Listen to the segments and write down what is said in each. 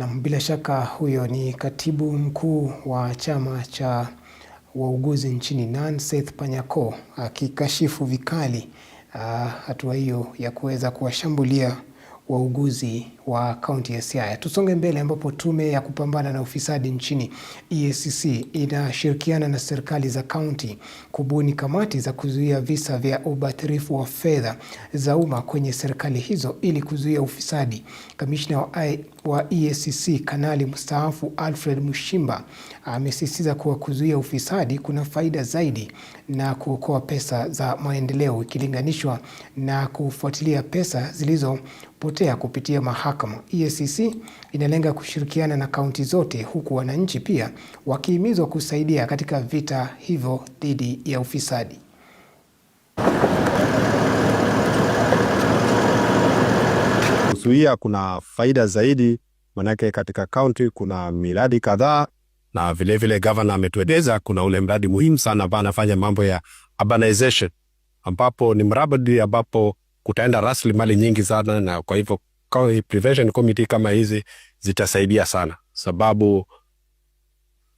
Na bila shaka huyo ni katibu mkuu wa chama cha wauguzi nchini nan Seth Panyako akikashifu vikali ah, hatua hiyo ya kuweza kuwashambulia wauguzi wa kaunti ya Siaya. Tusonge mbele ambapo tume ya kupambana na ufisadi nchini EACC inashirikiana na serikali za kaunti kubuni kamati za kuzuia visa vya ubadhirifu wa fedha za umma kwenye serikali hizo ili kuzuia ufisadi. Kamishna wa I wa EACC Kanali mstaafu Alfred Mushimba amesisitiza kuwa kuzuia ufisadi kuna faida zaidi na kuokoa pesa za maendeleo ikilinganishwa na kufuatilia pesa zilizopotea kupitia mahakama mahakama, EACC e inalenga kushirikiana na kaunti zote, huku wananchi pia wakihimizwa kusaidia katika vita hivyo dhidi ya ufisadi. Kuzuia kuna faida zaidi, manake katika kaunti kuna miradi kadhaa na vilevile gavana ametueleza kuna ule mradi muhimu sana ambao anafanya mambo ya urbanization, ambapo ni mradi ambapo kutaenda rasilimali nyingi sana, na kwa hivyo prevention committee kama hizi zitasaidia sana, sababu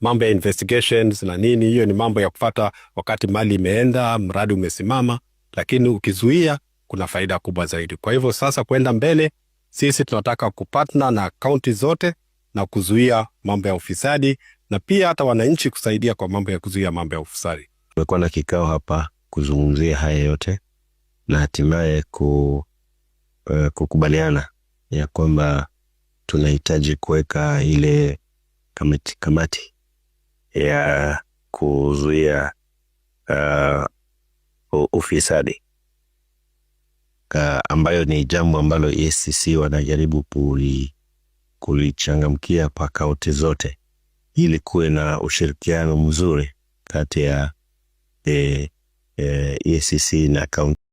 mambo ya investigations na nini, hiyo ni mambo ya kufata wakati mali imeenda, mradi umesimama, lakini ukizuia kuna faida kubwa zaidi. Kwa hivyo sasa kwenda mbele, sisi tunataka kupatna na kaunti zote na kuzuia mambo ya ufisadi na pia hata wananchi kusaidia kwa mambo ya kuzuia mambo ya ufisadi. Tumekuwa na kikao hapa kuzungumzia haya yote na hatimaye ku, uh, kukubaliana ya kwamba tunahitaji kuweka ile kamati, kamati ya kuzuia uh, ufisadi uh, ambayo ni jambo ambalo EACC wanajaribu kulichangamkia kwa kaunti zote ili kuwe na ushirikiano mzuri kati ya EACC eh, eh, na kaunti.